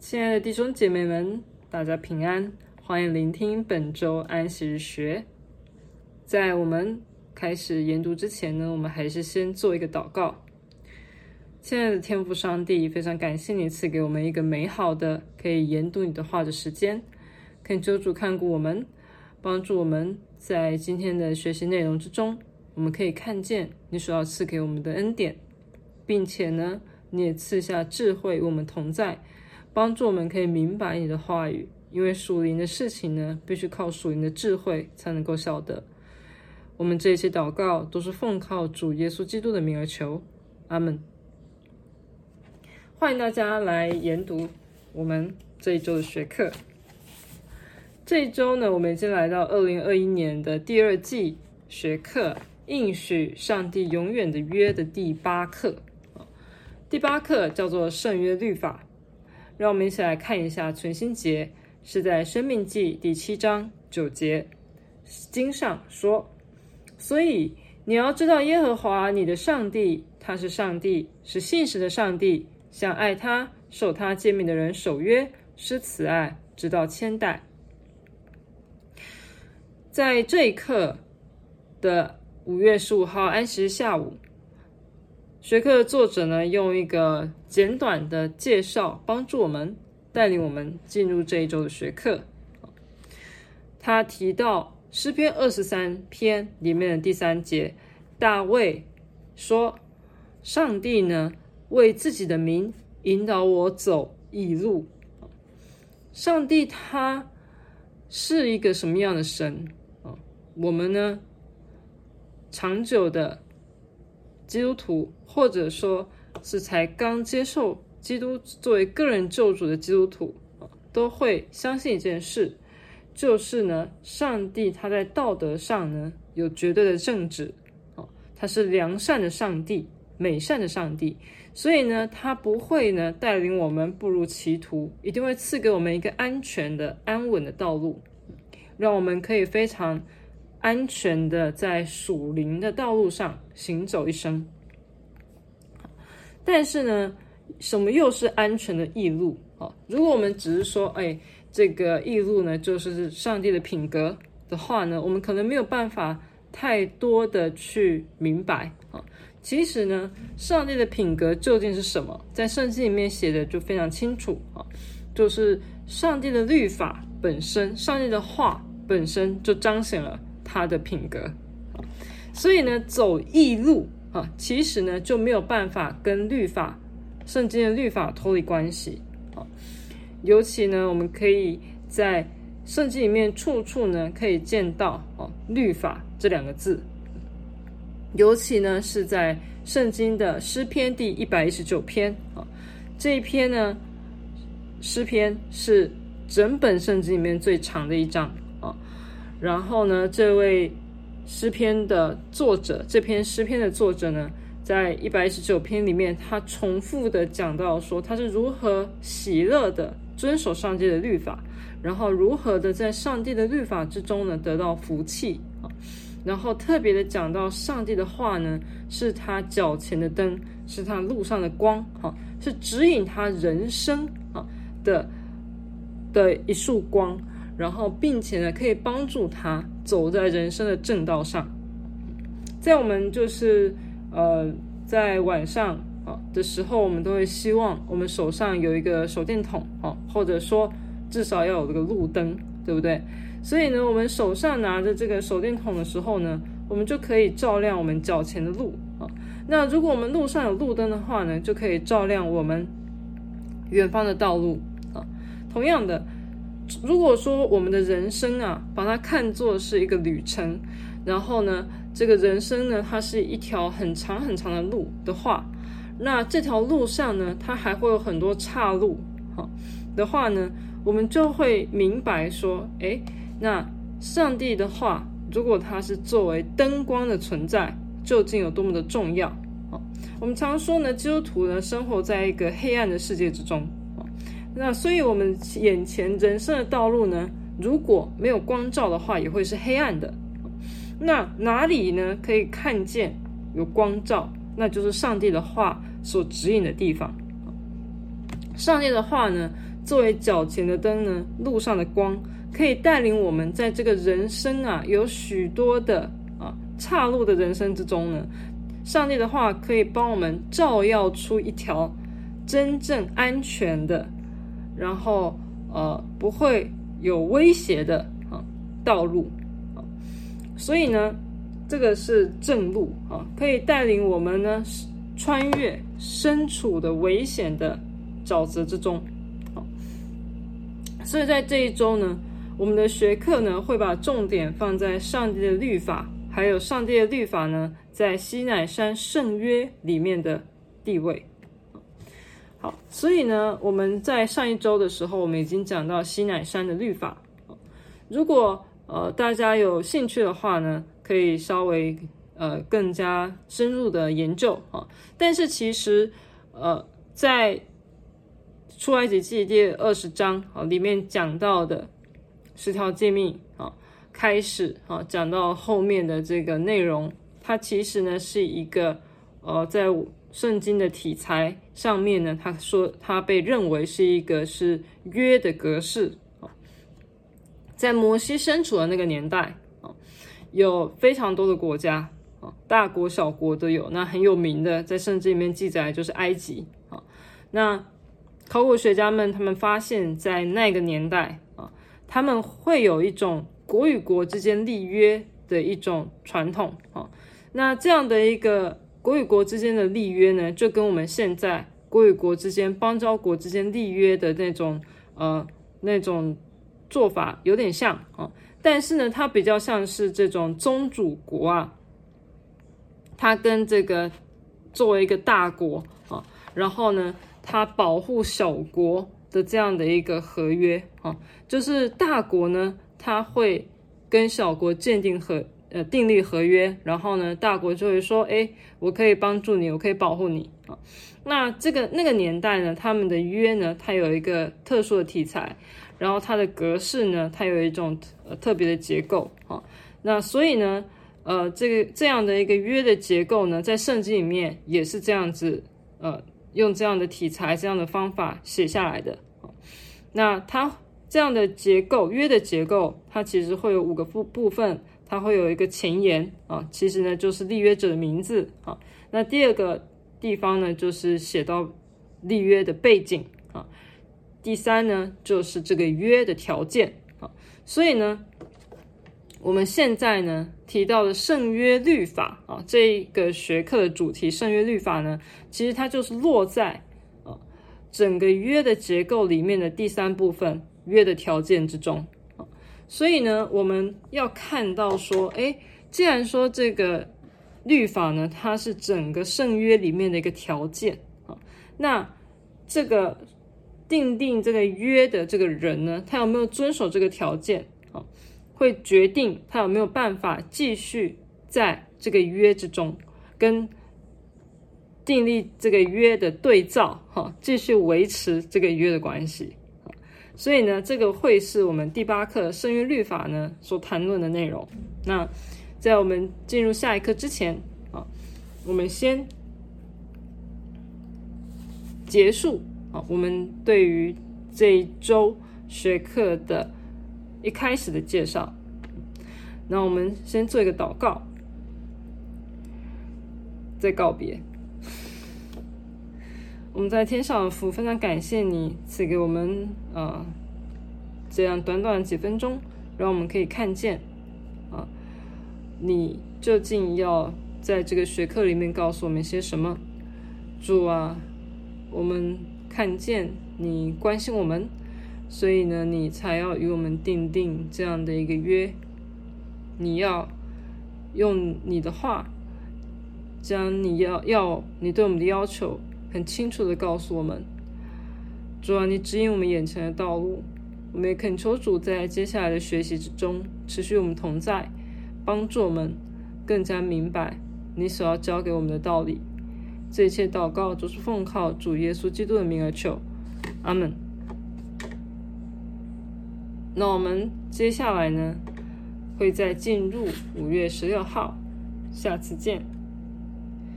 親愛的弟兄姐妹們，大家平安，歡迎聆聽本周安息日學。在我們開始研讀之前呢，我們還是先做一個禱告。親愛的天父上帝，非常感謝你賜給我們一個美好的可以研讀你的話的時間，懇求主看顧我們，幫助我們在今天的學習內容之中，我們可以看見你所要賜給我們的恩典，並且呢，你也賜下智慧與我們同在。幫助我們可以明白你的話語，因為屬靈的事情呢，必須靠屬靈的智慧才能夠曉得。我們這一期禱告都是奉靠主耶穌基督的名而求，阿門。歡迎大家來研讀我們這一周的學課。這一周呢，我們已經來到二零二一年的第二季學課《應許上帝永遠的約》的第八課。第八課叫做《聖約律法》。讓我們一起來看一下節，存心節是在《申命記》第七章九節經上說：“所以你要知道耶和華你的上帝，他是上帝，是信實的上帝。向愛他、守他誡命的人守約，施慈愛，直到千代。”在這一刻的五月十五號安息日下午。學科的作者呢，用一個簡短的介紹幫助我們帶領我們進入這一周的學課。他提到詩篇二十三篇裡面的第三節，大衛說：“上帝呢，為自己的名引導我走義路。”上帝他是一個什麼樣的神啊？我們呢，長久的。基督徒，或者說是才剛接受基督作為個人救主的基督徒，都會相信一件事，就是呢，上帝他在道德上呢有絕對的正直，哦，他是良善的上帝，美善的上帝，所以呢，他不會呢帶領我們步入歧途，一定會賜給我們一個安全的、安穩的道路，讓我們可以非常。安全的在屬靈的道路上行走一生，但是呢，什麼又是安全的義路？啊、哦，如果我們只是說，哎，這個義路呢，就是上帝的品格的話呢，我們可能沒有辦法太多的去明白啊、哦。其實呢，上帝的品格究竟是什麼，在聖經裡面寫的就非常清楚啊、哦，就是上帝的律法本身，上帝的話本身就彰顯了。他的品格，所以呢，走異路啊，其實呢就沒有辦法跟律法、聖經的律法脫離關係啊。尤其呢，我們可以在聖經裡面處處呢可以見到哦、啊、“律法”這兩個字，尤其呢是在聖經的詩篇第一百一十九篇啊，這一篇呢，詩篇是整本聖經裡面最長的一章。然後呢，這位詩篇的作者，這篇詩篇的作者呢，在一百一十九篇裡面，他重複的講到說，他是如何喜樂的遵守上帝的律法，然後如何的在上帝的律法之中呢得到福氣啊，然後特別的講到上帝的話呢，是他腳前的燈，是他路上的光，啊，是指引他人生啊的的一束光。然後，並且呢，可以幫助他走在人生的正道上。在我們就是呃，在晚上啊的時候，我們都會希望我們手上有一個手電筒啊，或者說至少要有一個路燈，對不對？所以呢，我們手上拿着這個手電筒的時候呢，我們就可以照亮我們腳前的路啊。那如果我們路上有路燈的話呢，就可以照亮我們遠方的道路啊。同樣的。如果說我們的人生啊，把它看作是一個旅程，然後呢，這個人生呢，它是一條很長很長的路的話，那這條路上呢，它還會有很多岔路，好的話呢，我們就會明白說，哎，那上帝的話，如果他是作為燈光的存在，究竟有多麼的重要？好，我們常說呢，基督徒呢，生活在一個黑暗的世界之中。那所以，我們眼前人生的道路呢，如果沒有光照的話，也會是黑暗的。那哪裡呢可以看見有光照？那就是上帝的話所指引的地方。上帝的話呢，作為腳前的燈呢，路上的光，可以帶領我們在這個人生啊，有許多的啊岔路的人生之中呢，上帝的話可以幫我們照耀出一條真正安全的。然後，呃，不會有威脅的啊道路啊，所以呢，這個是正路啊，可以帶領我們呢穿越身處的危險的沼澤之中啊。所以在這一周呢，我們的學課呢會把重點放在上帝的律法，還有上帝的律法呢在西乃山聖約裡面的地位。好，所以呢，我們在上一周的時候，我們已經講到西乃山的律法啊。如果呃大家有興趣的話呢，可以稍微呃更加深入的研究啊、哦。但是其實呃在出埃及記第二十章啊、哦、裡面講到的十條誡命啊，開始啊、哦、講到後面的這個內容，它其實呢是一個呃在。聖經的體裁上面呢，他說他被認為是一個是約的格式啊。在摩西身處的那個年代啊，有非常多的國家啊，大國小國都有。那很有名的，在聖經裡面記載就是埃及啊。那考古學家們他們發現，在那個年代啊，他們會有一種國與國之間立約的一種傳統啊。那這樣的一個。國與國之間的立約呢，就跟我們現在國與國之間、邦交國之間立約的那種，呃，那種做法有點像啊，哦。但是呢，它比較像是這種宗主國啊，它跟這個作為一個大國啊，哦，然後呢，它保護小國的這樣的一個合約啊，哦，就是大國呢，它會跟小國簽訂合。呃，訂立合約，然後呢，大國就會說：“哎，我可以幫助你，我可以保護你啊。哦”那這個那個年代呢，他們的約呢，它有一個特殊的題材，然後它的格式呢，它有一種、呃、特別的結構啊、哦。那所以呢，呃，這個這樣的一個約的結構呢，在聖經裡面也是這樣子，呃，用這樣的題材、這樣的方法寫下來的。哦、那它這樣的結構約的結構，它其實會有五個部部分。它會有一個前言啊，其實呢就是立約者的名字啊。那第二個地方呢，就是寫到立約的背景啊。第三呢，就是這個約的條件啊。所以呢，我們現在呢提到了聖約律法啊，這一個學科的主題聖約律法呢，其實它就是落在啊整個約的結構裡面的第三部分約的條件之中。所以呢，我們要看到說，哎，既然說這個律法呢，它是整個聖約裡面的一個條件啊，那這個訂定這個約的這個人呢，他有沒有遵守這個條件啊，會決定他有沒有辦法繼續在這個約之中，跟訂立這個約的對照哈，繼續維持這個約的關係。所以呢，這個會是我們第八課《聖約律法》呢所談論的內容。那在我們進入下一課之前啊，我們先結束啊，我們對於這一周學課的一開始的介紹。那我們先做一個禱告，再告別。我們在天上的父，非常感謝你賜給我們，啊、呃、這樣短短幾分鐘，讓我們可以看見，啊、呃，你究竟要在這個學課裡面告訴我們些什麼？主啊，我們看見你關心我們，所以呢，你才要與我們訂定,定這樣的一個約，你要用你的話，將你要要你對我們的要求。很清楚的告訴我們，主啊，你指引我們眼前的道路。我們也懇求主，在接下來的學習之中，持續與我們同在，幫助我們更加明白你所要教給我們的道理。這一切禱告都是奉靠主耶穌基督的名而求，阿門。那我們接下來呢，會再進入五月十六號，下次見。